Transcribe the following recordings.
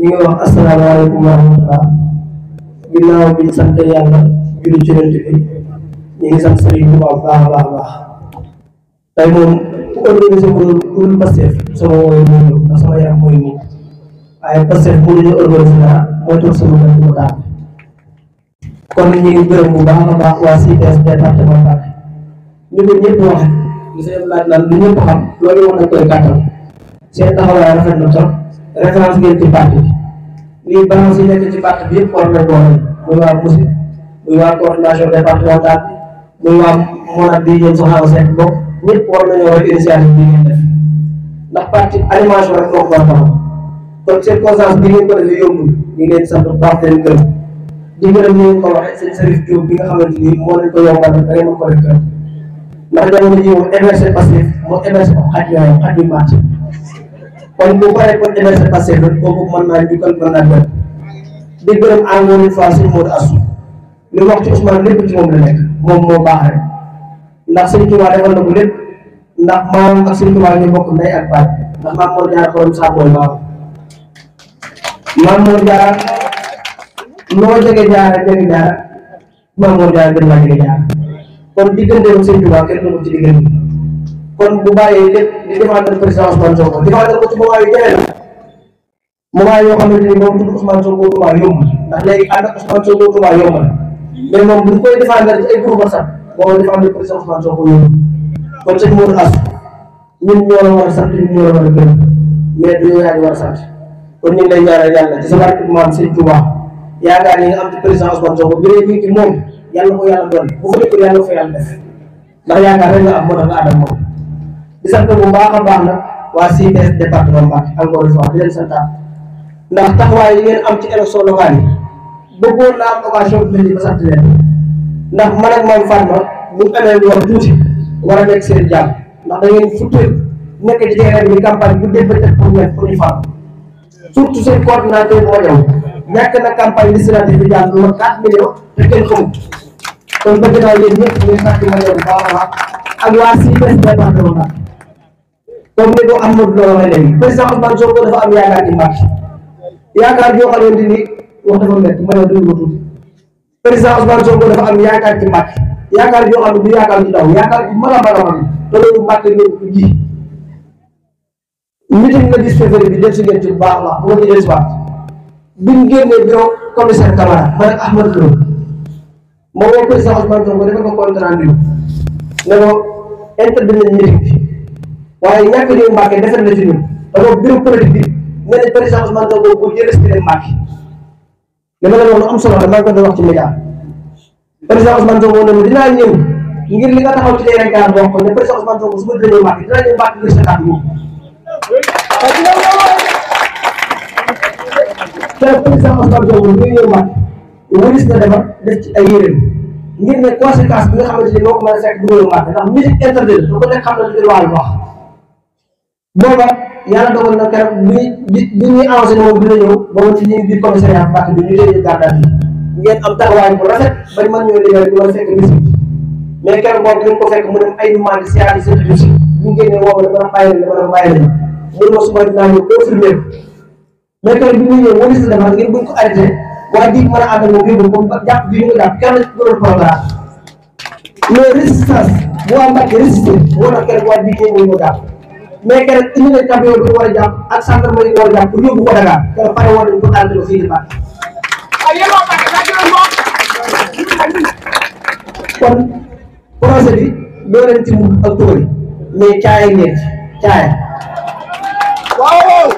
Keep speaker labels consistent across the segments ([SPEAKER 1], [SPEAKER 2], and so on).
[SPEAKER 1] ñu ngi wax asalaamaaleykum wa rahmatulah ginnaaw bi ñu sant yàlla julli ci rëdd bi ñu ngi sant Serigne Touba bu baax a baax a baax tey moom ku organisé ko pour Pastef sama wooyu mooy ñëw ndax sama yaram mooy ñëw waaye Pastef bu ñu organisé dara mooy toog sama bopp mu daal kon ñu ngi gërëm bu baax a baax waa CIDES département Mbacké wax li seen laaj naan lu ñëpp xam loolu yow référence ngeen ci parti bi nekk ci parti bi yëpp war na doon muy waa Moussine muy waa coordination départementale muy waa Mawla bii yéen soxna Seck bokk ñëpp war nañoo war initiative bi ngeen def ndax parti animation rek moo ko war a taxaw kon circonstance bi ngeen ko defee yombul ñu ngi leen sant bu baax leen gërëm di bi nga xamante ni moo leen ko yombal da ngeen ko def gërëm ndax jamono ji moom émergé passif moom émergé ko xaj yooyu xaj kon bu paree kon émergé passé doon naa jukkal mën naa jot di gërëm encore une fois suñu Modou Assou li ci Ousmane lépp ci moom la moom moo baax ndax sëñ Tuubaa defal na ko lépp ndax maam ak sëñ Tuubaa ñu maam moo jaar xorom saakoy maam maam jege jaara maam moo jaar gën jege jaara kon diggante ak sëñ Tuubaa kenn du ko ci diggante kon bu bàyyee lépp di défendre président Ousmane Sonko défendre ko ci moment yu jafe la moment yoo xamante ni moom tudd Ousmane Sonko Touba yomb ndax léegi ànd ak Ousmane Sonko Touba yomb na mais moom bu ñu koy défendre ci ay groupe sax boo défendre président Ousmane Sonko yomb kon sëñ Modou As ñun ñoo la war a sant ñun ñoo la war a gërëm mais du yow yaa ngi war a sant kon ñu ngi lay ñaanal yàlla ci sa barke maam sëñ Touba yaakaar yi nga am ci président Ousmane Sonko jëlee fii ci moom yàlla ko yàlla doon bu ko defee yàlla ko fa yàlla def ndax yaakaar rek nga am moo tax nga ànd ak moom di sant bu baax a baax nag waa CPS département Mbacké encore une fois di leen santaat ndax taxawaay yi ngeen am ci élection locale yi bëggoon naa am occasion bu mel ba sant leen ndax man a nekk ma jàmm ndax da bu dégg def pour ngeen pour ñu faam surtout seen coordinateur boo ñëw ñàkk na campagne législative bi jàll lu ma 4 millions te kenn xamul kon bëgg naa yéen ñëpp sant ma bu baax a baax ak waa CPS département Mbacké comme ni ko Amadou Lo waxee léegi président Ousmane Sonko dafa am yaakaar ci Macky yaakaar joo xamante ni wax dafa métti ma ne dund ko tuuti président Ousmane Sonko dafa am yaakaar ci Macky yaakaar joo xam ne du yaakaar ju daw yaakaar ju mën a mën a mën te loolu Macky ñëw ko ji meeting na dix février bi def si ngeen ci bu baax a baax bu ma ci des waat biñ génnee bureau commissaire Camara ma ne Amadou Lo ma woo président Ousmane Sonko dafa ko contrat ne ko interdit nañ meeting bi waaye ñàkk a Mbacke defar na ci ñun dafa biir politique bi nga ne président Ousmane Sonko bu jëlee si Mbacke li ma leen wax lu am solo la maa ngi ko doon wax ci média président Ousmane Sonko ne ma dinaa ñëw ngir li nga taxaw ci terrain gaar boo xam ne président Ousmane Sonko su ma dinañu Mbacke dinaa ñëw Mbacke ngir sa kàddu moom te président Ousmane Sonko ñu ñëw Mbacke wëris na defar def ci ay yéréen ngir ne conséquence bi nga xamante ni moo ko mën a fekk du ñëw Mbacke ndax musique interdite da ko nekk xam booba yàlla dogal na keroog bi bi bi ñuy avancé moom dina ñëw ba mu ci ñuy biir commissariat Mbàkke bi ñu téye gàddaay bi ngeen am taxawaay bu rafet ba ñu mën ñoo libéré ñu mën fekk bis bi boobu dañ ko fekk mu dem ay demande siyaari seen bis ñu génnee woo ma dama doon bi muy ñëw moo des dafa ngeen buñ ko waa jiit mën a ànd moom yóbbu ko ba jàpp bi ñu ko jàpp kenn gënoon programme mais résistance bu waa Mbàkke résisté moo tax keroog waa jiit ñëw ñu ko jàpp mais keroog indi nañ camion bi war a jàpp ak gendarmerie bi war a jàpp pour yóbbu ko Dakar keroog pare woon nañ ko tànn ko fii di baax. Ah, kon projet bi doo leen ci mën ak tuuri mais caay ngeen caay. waaw.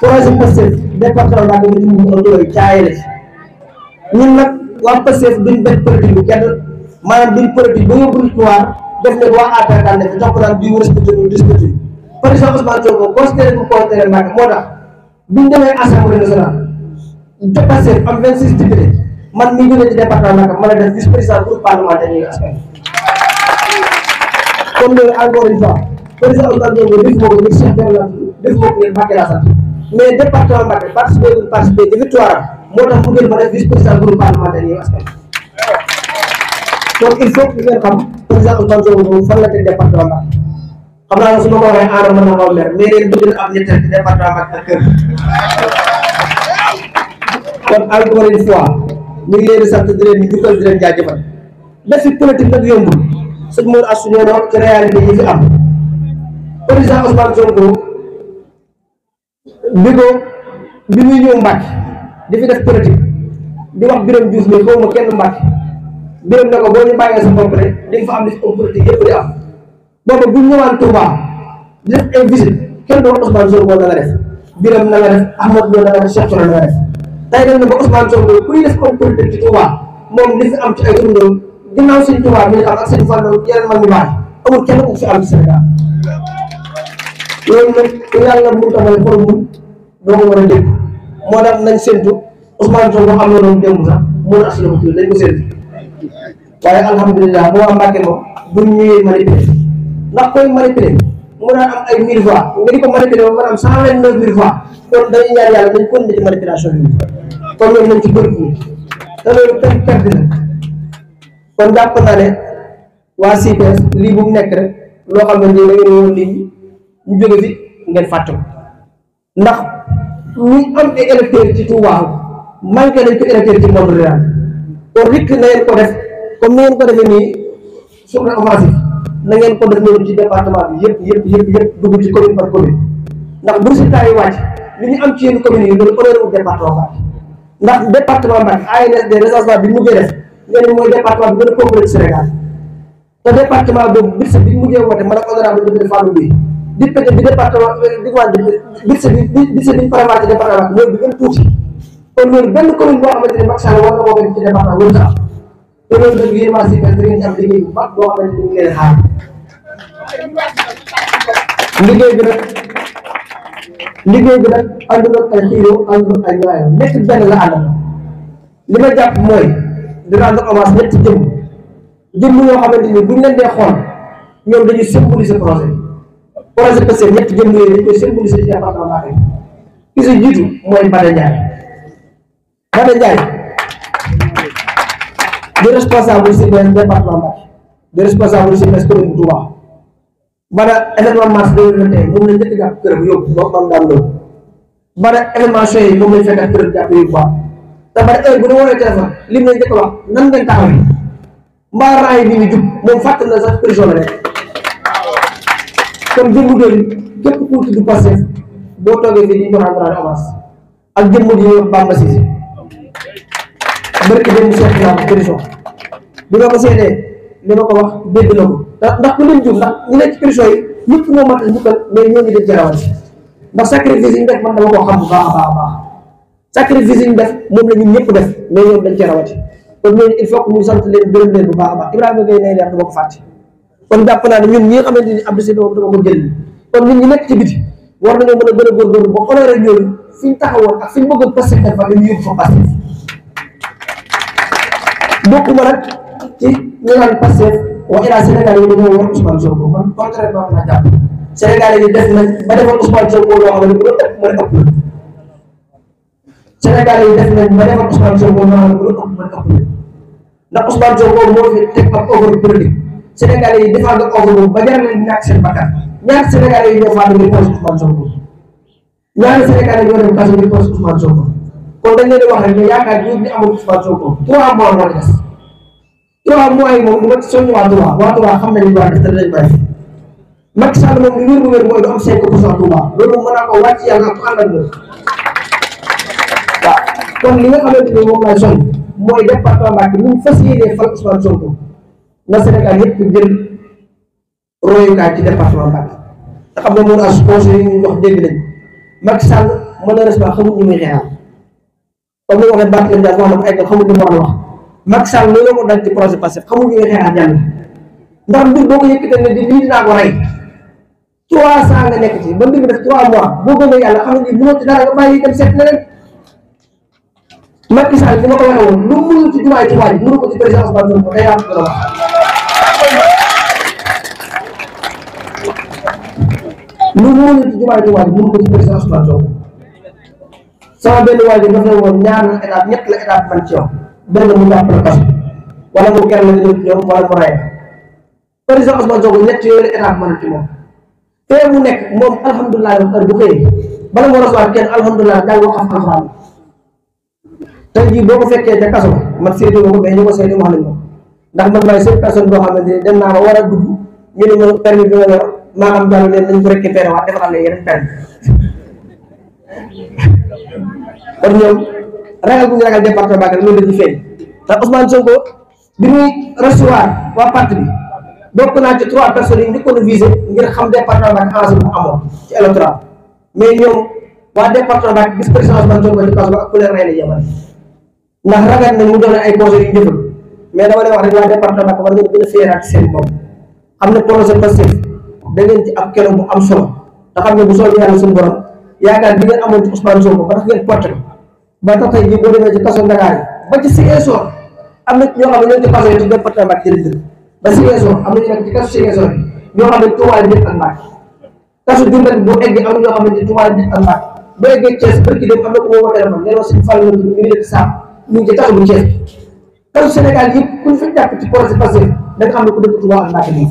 [SPEAKER 1] projet Pastef département Mbacké bi ci mën ak tuuri caay la ci ñun nag waa Pastef duñ benn politique bu kenn maanaam duñ politique ba yóbbu nit def leen waa APR daan def jox ko naan bii respecté respecté président Ousmane Sonko considéré bu considéré Mbacké moo tax bi ñu demee assemblée nationale dépassé am 26 députés man mii jógee ci département Mbacké ma ne def vice président groupe parlementaire yi askan comme loolu encore une fois président Ousmane Sonko def moo ko ngir Cheikh Diallo la def moo ko ngir Mbacké la sant mais département Mbacké participé bu participé ci victoire moo tax mu jël ma def vice président groupe parlementaire yi askan donc il faut que ngeen xam président Ousmane Sonko moom fan la teg département Mbacké xam naa su ma ko waxee aadama mën na xaw leer mais leen bëgg na am ñetteel ci département kër kon encore une fois ñu ngi leen di sant di di jukkal di fi am di fi def politique di wax Birame Diouf mi xaw ma kenn Mbacke Birame na ko boo ñu bàyyee sa bopp rek di nga am li fi politique yëpp di am boobu bu ñëwaan Touba def ay visite kenn doon Ousmane Sonko la nga def Biram la nga def Ahmad Lo la nga def Cheikh Soro la nga def tey dem na ba Ousmane Sonko kuy def comme politique ci Touba moom li am ci ay turndoo ginnaaw seen am ak baax amul kenn ku fi am ci Sénégal loolu nag yàlla mu tamal xool mu doo ko war a dégg moo tax nañ séntu Ousmane Sonko am na loolu démb sax mun a asalaamaaleykum nañ ko séntu waaye alhamdulilah bu waa Mbàkke moom buñ ñëwee manifeste ndax koy manipulé mu daan am ay mille voix nga di ko manipulé ba maanaam cent vingt neuf mille voix kon dañuy ñaan yàlla dañ continuer ci manipulation bi kon loolu nañ ci góorgóorlu te loolu per ne waa CPS lii bu nekk rek loo xam ne nii da ngeen ñu jóge fi ngeen fàtte ko ndax ñu am ay électeurs ci Touba manqué nañ ko électeurs ci monde rural kon rikk na ko def comme ni ngeen ko defee nii sur la offensive na ngeen ko def loolu ci département bi yëpp yëpp yëpp yëpp dugg ci commune par commune ndax bu résultat yi wàcc li ñu am ci yenn communes yi loolu honneur wu département Mbacké ndax département Mbacké ANSD recensement bi mujjee def ngeen mooy département bi gën a complet Sénégal te département boobu budget bi mujjee woote man ak honorable député Fallou Mbaye di pété bi département euh, di waa budget bi budget bi ñu prévoir ci département bi mooy bi gën tuuti kon loolu benn commune boo xamante ne Macky Sall war na koo gën ci département wala te loolu nag yéen waa CIPES da ngeen di am liggéey bu mag boo xamante ni ngeen xaar liggéey bi nag liggéey bi nag àndul ak ay xiiroo àndul ak ay ñaayoo ñetti benn la àndal li ma jàpp mooy dinaa la avance ñetti jëmm jëmm yoo xamante ni buñ leen dee xool ñoom dañuy symboliser projet projet Pastef ñetti jëmm yooyu dañ koy symboliser ci département Mbacké bi ki si jiitu mooy Bada Ndiaye Bada Ndiaye di responsable CPS département Mbacké di responsable CPS commune bu Touba ba na événement mars deux mille vingt et moom lañ njëkk jàpp kër yóbbu ba am daan loolu ba na événement yi moom lañ fekk ak kër bu yóbbu ba te ba mbaa raay bi ñu jub moom fàttali na sax prison la rek kon jëmmu doon képp ku tudd boo toogee fii di ñu ko rendre avance ak jëmmu di ñu Bamba Cissé barki dem seet naa ko prison ko seetee li ko wax dégg na ko ndax bu leen jum ndax ñu nekk ci prison yi ñëpp moo matal def jarawat ndax sacrifice yi ñu def a baax def moom la ñun ñëpp def mais ñoom dañ jarawati kon ñooñu il faut que ñu sant leen gërëm leen bu baax a baax Ibrahima Gueye nay leer du ma ko fàtte ñi nga xamante ni Abdou Seye moom dama ko jël kon ñun ñi nekk ci biti war nañoo mën a gën a góorgóorlu ba honoré ñooñu fi taxawoon ak fi ñu bëgg a passé dafa dañu fa passé bokkuma nag ci ñu naan Pastef wax naa Sénégal yi dañoo war Ousmane Sonko man contrairement laa jàpp Sénégal yi def nañ ba defoon Ousmane Sonko loo xam ne bu doon ëpp mën a ëpp la Sénégal yi def nañ ba defoon Ousmane Sonko loo xam ne bu doon ëpp mën a ëpp la ndax Ousmane Sonko moo fi teg ab offre politique Sénégal yi defal nga offre boobu ba jaral leen ñàkk seen bakkan ñaari Sénégal yi ñoo faa dem di poche Ousmane Sonko ñaari Sénégal yi ñoo dem kaso di poche Ousmane Sonko kon dañ leen di wax rek ne yaakaar ñu ngi amul Ousmane Sonko trois mois moo des trois mois yi moom mu soññ waa Touba waa Touba xam nañu waa des te dinañ bàyyi Macky Sall moom li wér bu wér mooy du am cinq pour cent Touba loolu moom mën naa ko wàcc yàlla ak ànd ak moom waaw kon li nga xamante ni moom laay soññ mooy département Mbacké ñu fas yéenee fal Ousmane Sonko na Sénégal yëpp jël royukaay ci département Mbacké nga xam ne moom as conseil yi ñu wax dégg nañ Macky Sall malheureusement xamul ñu muy xeexal comme waxee Barthélémy Dias wax na ko ay tam xamuñ li a wax Macky Sall loolu la ko ci projet Pastef xamuñ li nga xeexaat ndax mbir boo ko yëkkatee ne di lii ko rey trois cent nga nekk ci ba mbir mi def trois mois boo gëmee yàlla xam ne mënoo ci dara nga bàyyi dem seet leneen Macky Sall ni ma ko waxee woon lu mu mënul ci jumaay ci waaj mu mënul ci jumaay ci waaj mënu ko ci présidence ba ñoom sama benn waajur dafa ne woon ñaar la étape ñett la étape man ci yow benn mu jàpp la mu te mu nekk moom alhamdulilah heure bu xëyee bala mu recevoir kenn alhamdulilah daal wax ak alxuraan tey jii boo ko fekkee ca kaso dem naa ba war a dugg ñu ne ma permis bi ma yor maa xam daal leen nañ ko récupéré waat defaraat la yeneen permis kon ñoom ragal bu ñu ragal département Mbacké loolu dañuy feeñ ndax Ousmane Sonko bi muy recevoir waa parti bokk naa ci trois personnes yi njëkkoon a visé ngir xam département Mbacké enjeu bu ci électoral mais ba ak ku leen rey la yemal na mu doon ay conseils yu njëkkal mais dama lay wax rek waa département Mbacké war ngeen gën a féeraat seen bopp da ngeen ci ab keroog bu am solo te xam ne bu soobee yàlla suñu borom yaakaar bi ngeen amoon ci Ousmane Sonko ba tax ngeen porté ba tax tey jii boo demee ci kaso Ndakaar ba ci Ziguinchor am na ñoo xam ne ñoo ci passé ci département Kédougou ba Ziguinchor am na ñu nekk ci kaso Ziguinchor ñoo xam ne tuwaay nit ak mbaak kaso Diourbel boo eggee am na ñoo xam ne tuwaay nit ak mbaak boo eggee Thiès barki dem am na ku ma woo téléphone nee naa suñu fàll ñu ngi def saam ñu ngi ci kaso bu Thiès kaso Sénégal yëpp ku ñu fa jàpp ci projet passé da nga xam ne ku dëkk tuwaay ak mbaak nii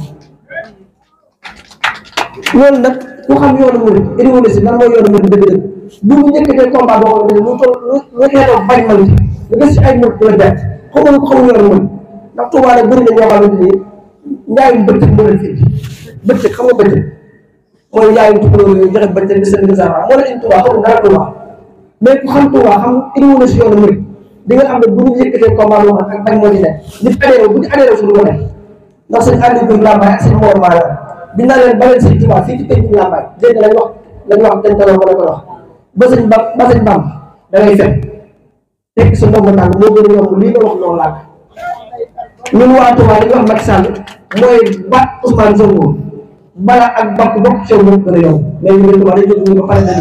[SPEAKER 1] loolu nag ku xam yoonu murid édiwone si lan mooy yoonu murid dëgg-dëgg bu ñu njëkkatee combat boo xamante ne lu toll lu lu xeetoo bañ man lu des ci ay mën la bett xamuñu ko xamuñu woon mën ndax na ñoo xamante ni njaayum bëccëg moo leen fi indi bëccëg nga bëccëg mooy njaayum tukulóor yooyu joxe bëccëg di seen desara moo leen indi Tuubaa xamul dara Tuubaa mais ku xam Tuubaa xam si yoonu nga xam ne bu ñu njëkkatee combat boo xam ak bañ moo ci nekk ñu adhéré bu ñu adhéré suñu ko nekk wax lañ wax dañ ko wax ba sëñ ba ba sëñ bam da ngay moo gën a yomb nga wax noonu làkk ñun waa Touba li ñu mooy ba Ousmane Sonko bala gën a yomb mais ñu Touba dañ jóg ñu ko pare nañ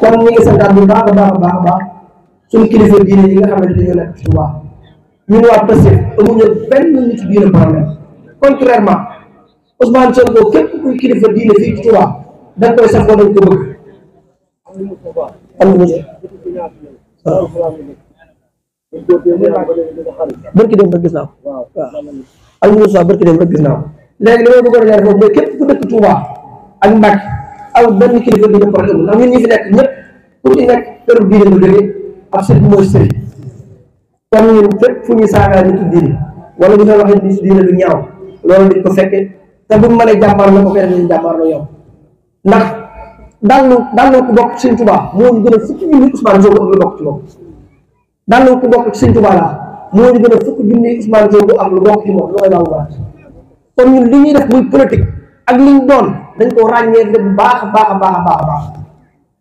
[SPEAKER 1] kon ñu ngi santaat bu a baax a baax a baax suñu yi nga xamante ne dañoo nekk contrairement Ousmane Sonko képp kuy kilifa diine fii ci da koy sax dañ ko bëgg am na barki dem rek gis naa ko na solo barki dem rek naa ko léegi li a leer foofu mooy képp ku dëkk Touba ak Mbacke ñu problème ndax mu jógee ab sëriñ mooy sëriñ kon ñun fépp wala ñu fay waxee diine loolu dañ ko fekkee te bu mu mënee jàmbaar la ko koy def ñu ndax daan na daan na ko bokk ci sëñ moo ñu gën a fukki junni Ousmane Sonko am lu bokk ci moom laa moo ñu gën a fukki junni Ousmane Sonko am lu bokk ci moom lu koy kon ñun li ñuy def muy politique ak li ñu dañ ko ràññee de bu baax baax a baax baax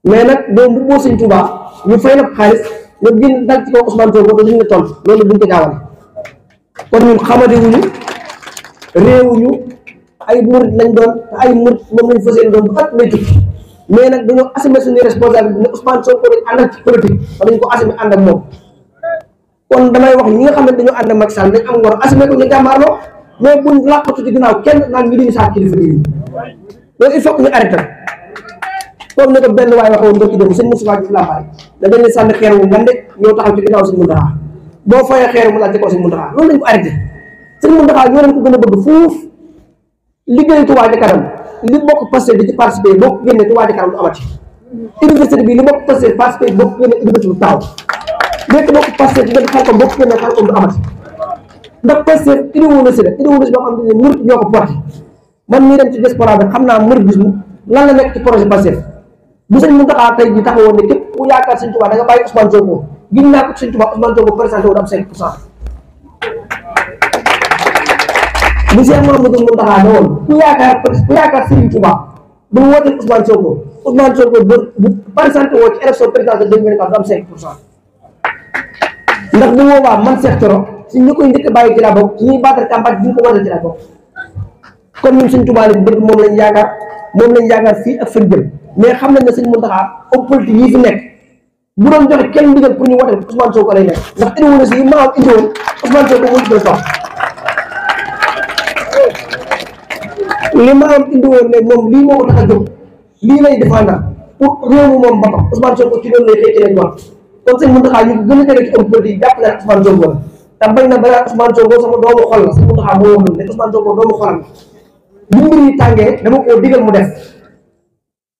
[SPEAKER 1] mais nag boo mu boo sëñ Tuubaa ñu xaalis nga gën dal ci ba dañu ne toll loolu buñ ko gaawal kon ñun ay murit lañ doon te ay murit moom lañ fas yéene doon ba at lay tukki mais nag dañoo assumer suñuy responsabilité ne Ousmane Sonko dañ ànd ak dañ ko assumer ànd wax ñi nga xam ne dañoo ànd ak Macky Sall dañ mais buñ làqatu ci ginnaaw kenn naan ñu benn waay waxoon ndokki dem sëñ Moustapha Diouf laa da xeer wu ngande ñoo taxaw ci ginnaaw sëñ Mountakha boo fayee xeer mu laajte ko sëñ Mountakha loolu lañ ko arrêté sëñ Mountakha ñoo leen ko gën a bëgg fuuf liggéey Touba Ca Kanam li bokk passé di ci participé boo ko génnee Touba Ca Kanam du amati université bi li bokk passé participé boo ko génnee université bu taaw bokk passé di ngeen xalkom boo ko génnee xalkom du amati ndax passé université la université boo xam ne murit ñoo ko porté man mii ci diaspora bi xam naa mouridisme lan la nekk ci projet passé bu sëñ Mountakha tey taxawoon ne képp yaakaar sëñ Touba da nga bàyyi Ousmane Sonko li Cheikh Mamadou Mountakha ne woon ku yaakaar ku yaakaar Serigne Touba bu mu wootee Ousmane Sonko Ousmane Sonko bu présenté woo ci élection présidentielle 2024 am 5 pour cent bu boobaa man Cheikh Thioro si ñu koy njëkk a bàyyi ci laa bokk ñuy battre campagne bi ñu ko wootee ci laa bokk kon ñun Serigne Touba lañ bëgg moom lañ yaakaar moom lañ yaakaar fii ak fan jëm mais xam nañ ne Serigne Mountakha homme politique yi fi nekk bu doon joxe kenn pour ñu wootee Ousmane Sonko lay nekk ndax indiwoon na si maa indiwoon li ma am indi woon ne moom lii moo ko tax a jóg lii lay défendre pour réew mi moom ba tax Ousmane Sonko ci loolu lay xëy ci leen wax kon sëñ Mountakha ñu gën a tege ci homme politique jàpp na Ousmane Sonko te bañ na balaa Ousmane Sonko sama doomu xol la sëñ Mountakha moo wax ne Ousmane Sonko doomu xol la lu mbir yi tàngee dama koo digal mu def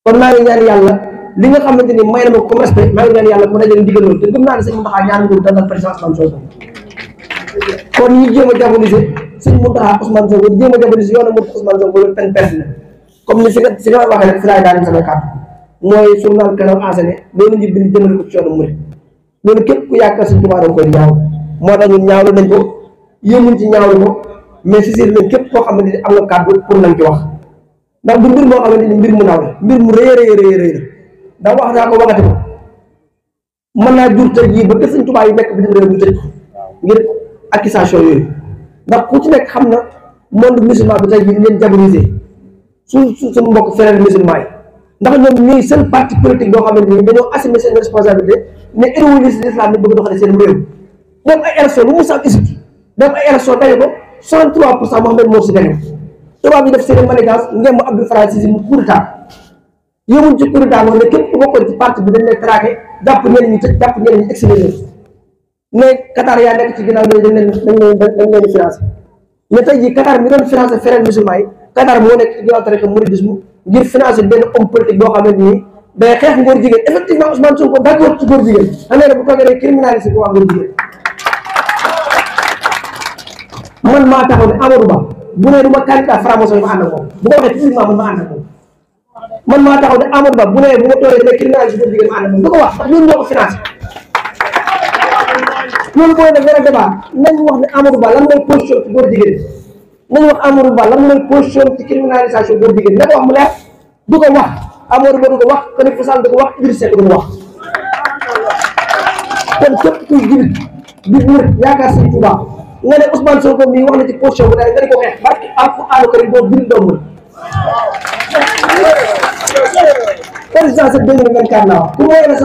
[SPEAKER 1] kon maa ngi ñaan yàlla li nga xamante ni may na ma comme respect maa ngi ñaan yàlla mu dajale digal loolu te gëm naa ne sëñ Mountakha ñaan nguur dana président Ousmane Sonko kon ñu jéem a jàppalise sëñ Mountakha Ousmane Sonko jéem a jàppale si yoonu Mountakha Ousmane Sonko loolu pen perte na comme ni si nga si nga waxee rek si laay daaneel sama kàddu mooy journal Canal enchaîné loolu ñu bind jëmale ko ci yoonu murid loolu képp ku yaakaar sëñ Tuubaa da koy ñaaw moo tax ñun ñaawlu nañ ko yéemuñ ci ñaawlu ko mais si siir nañ képp koo xamante ni am na kàddu pour nañ ci wax ndax du mbir moo xamante ni mbir mu naaw la mbir mu rëy rëy rëy rëy la ndax wax naa ko waxati ko mën naa jur tëj yi ba kër sëñ Tuubaa yi nekk bitim réew ñu tëj ko ngir accusation yooyu ndax ku ci nekk xam na monde musulman bi tey ñu leen diaboliser su su suñu mbokk frères musulman yi ndax ñoom ñooy seen parti politique boo xamante ni dañoo assumer seen responsabilité ne héroïsme l'islam ni bëgg ay élection lu mu isib dem ay élection dañu ko 63 pour cent Mohamed Morsi gañe tubaab yi ne képp ku bokkoon ci parti bi dañ lay traqué jàpp ñeneen ñi tëj jàpp ñeneen ne Qatar yaa nekk ci ginnaaw bi dañ leen dañ leen dañ leen financé mais tey jii Qatar mi doon financé frères musulmans yi Qatar moo nekk ci ginnaaw day xeex ngóor jigéen effectivement Ousmane Sonko d' accord jigéen bu ko man maa taxaw ne Ba bu ne ma candidat franc-maçon ma ma ànd ak moom man taxaw ne Amadou Ba bu ne bu ma toogee ma ànd moom du wax ndax ñun ñoo ko loolu mooy nag benn débat nañ wax ne Amadou Ba lan mooy position ci góor jigéen nañ wax Amadou Ba lan mooy position ci criminalisation góor jigéen na ko wax mu leer du ko wax Amadou Ba du ko wax Khalifa Sall du ko wax Idrissa Seck du ko wax kon képp kuy jullit di wër yaakaar wax na ci position bu daal nga di ko xeex barki Alxuraan Karim boo doo wër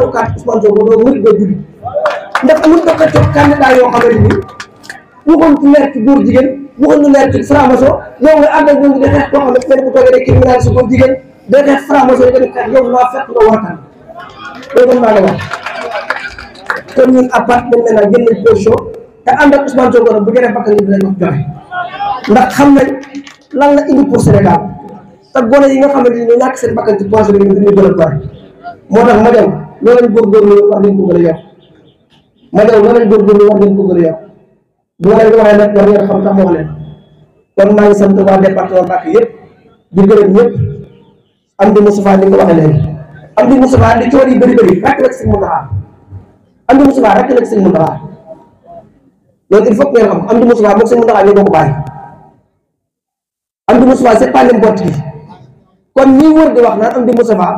[SPEAKER 1] doo jullit ndax mun nga xëccoog candidat yoo xamante ni waxoon ci leer ci góor jigéen waxoon lu leer ci franc-maçon yow nga ànd ak ñoom di xeex koo xam ne fenn bu toogee day criminal si góor jigéen day xeex franc yi nga def xeex yow naa fekk nga waxtaan loolu dañ ne naa jël nañ position te ànd ak Ousmane Sonko bu gënee bakkan yi dinañ wax joxe ndax xam nañ lan la indi pour Sénégal te gone yi nga xamante ni ñu ñàkk seen bakkan ci a bëri moo tax ma dem loolu lañ góorgóorlu wax nañ ko gën a ma ne la lay góorgóorlu war ngeen ko gën a yokk bu ma leen waxee nag war ngeen xam tax wax leen kon maa ngi sant waa département Mbacké yëpp di gërëm ñëpp am di Moustapha ni ko waxee léegi am di Moustapha di coono yi bëri bëri rek la si mun a xaar am di Moustapha rek la si mun a xaar loolu il faut que ngeen xam am di Moustapha moom si mun a xaar ñoo bokk bàyyi am di Moustapha c'est pas n'importe qui kon ñi wër di wax naan am di Moustapha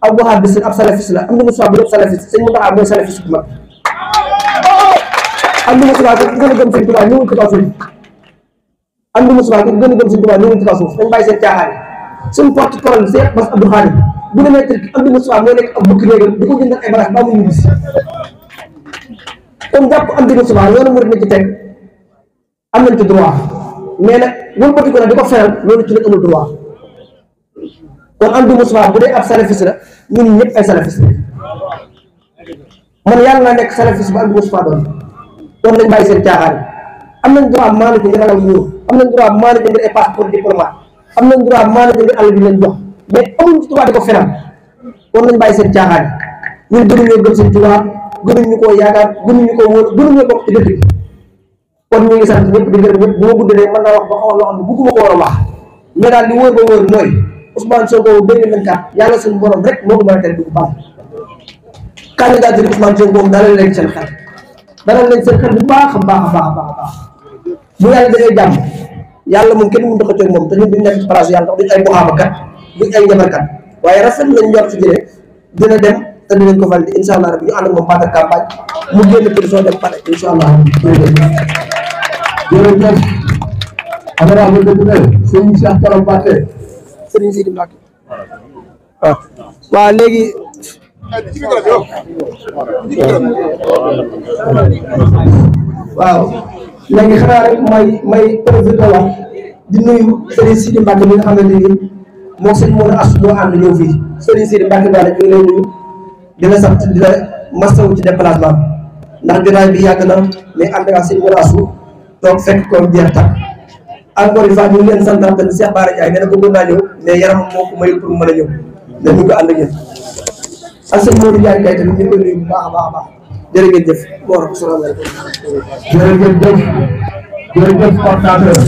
[SPEAKER 1] ab waxaat bi si ab salafis la am di Moustapha bu def salafis sëñ Moustapha mooy salafis bu mag am si waat rek gën a gëm sëñ Tuubaa ñëwul ci kaw si a gëm sëñ Tuubaa ñëwul ci kaw bu demee Turquie ànduma si waat moo nekk ab bëkk néegam ko jëndal ay barax si waat yoonu murid na ci teg am nañ ci droit mais nag ko nag di si waat la ñun ñëpp ay man yàlla naa nekk salafiste ba ànduma si waat doon war nañ bàyyi seen caaxaan am nañ droit maanaam ngir ragal nguur am nañ droit maanaam ngir ay passeport diplomate am nañ droit maanaam ngir àll bi leen jox mais amuñ ci tubaab di ko fenal war nañ bàyyi seen caaxaan ñun gënuñoo gëm seen tubaab gënuñu koo yaakaar gënuñu koo wóor gënuñoo bokk ci dëkk bi kon ñu ngi sant ñëpp di gërëm ñëpp bu ma guddee mën naa wax ba xaw loo xam ne bugguma ko war a wax mais daal li wóor ba wóor mooy Ousmane Sonko 2024 yàlla suñu borom rek moo ko mën a tere dugg baax candidature Ousmane Sonko boobu daal leen seen xel danañ leen seen xel bu baax a baax a baax a baax bu yàlla defee jàmm yàlla moom kenn mënut a xëccoo moom te ñun duñ nekk ci place yàlla ndax duñ ay buxaabakat duñ waaye rafet nañ njort ci ne dina dem te dinañ ko validé incha allah rabbi ñu ànd ak moom pàcc campagne mu génn kër soo dem pare incha allah jërëjëf honorable député sëriñ Cheikh Karam Baté sëriñ Sidi Mbacke ah. waaw léegi waaw léegi xanaa rek may may profité wax di nuyu Serigne Sidi Mbacke bi nga xamante ni moom sëñ Mor Assou moo ànd ñëw fii Serigne Sidi Mbacke bi daal ñu ngi lay nuyu di la sant di la masawu ci déplacement ndax jotaay bi yàgg na mais ànd ak sëñ Mor Assou toog fekk ko jeex tàkk encore naa ñëw mais yaram moo ko may pour mu mën a ñëw ko ànd ak ak sëñ Modou Ndiaye kay tamit ñu ngi koy nuyu bu baax a baax a baax jërë ngeen jëf. jërë ngeen jëf jërëjëf coordinateur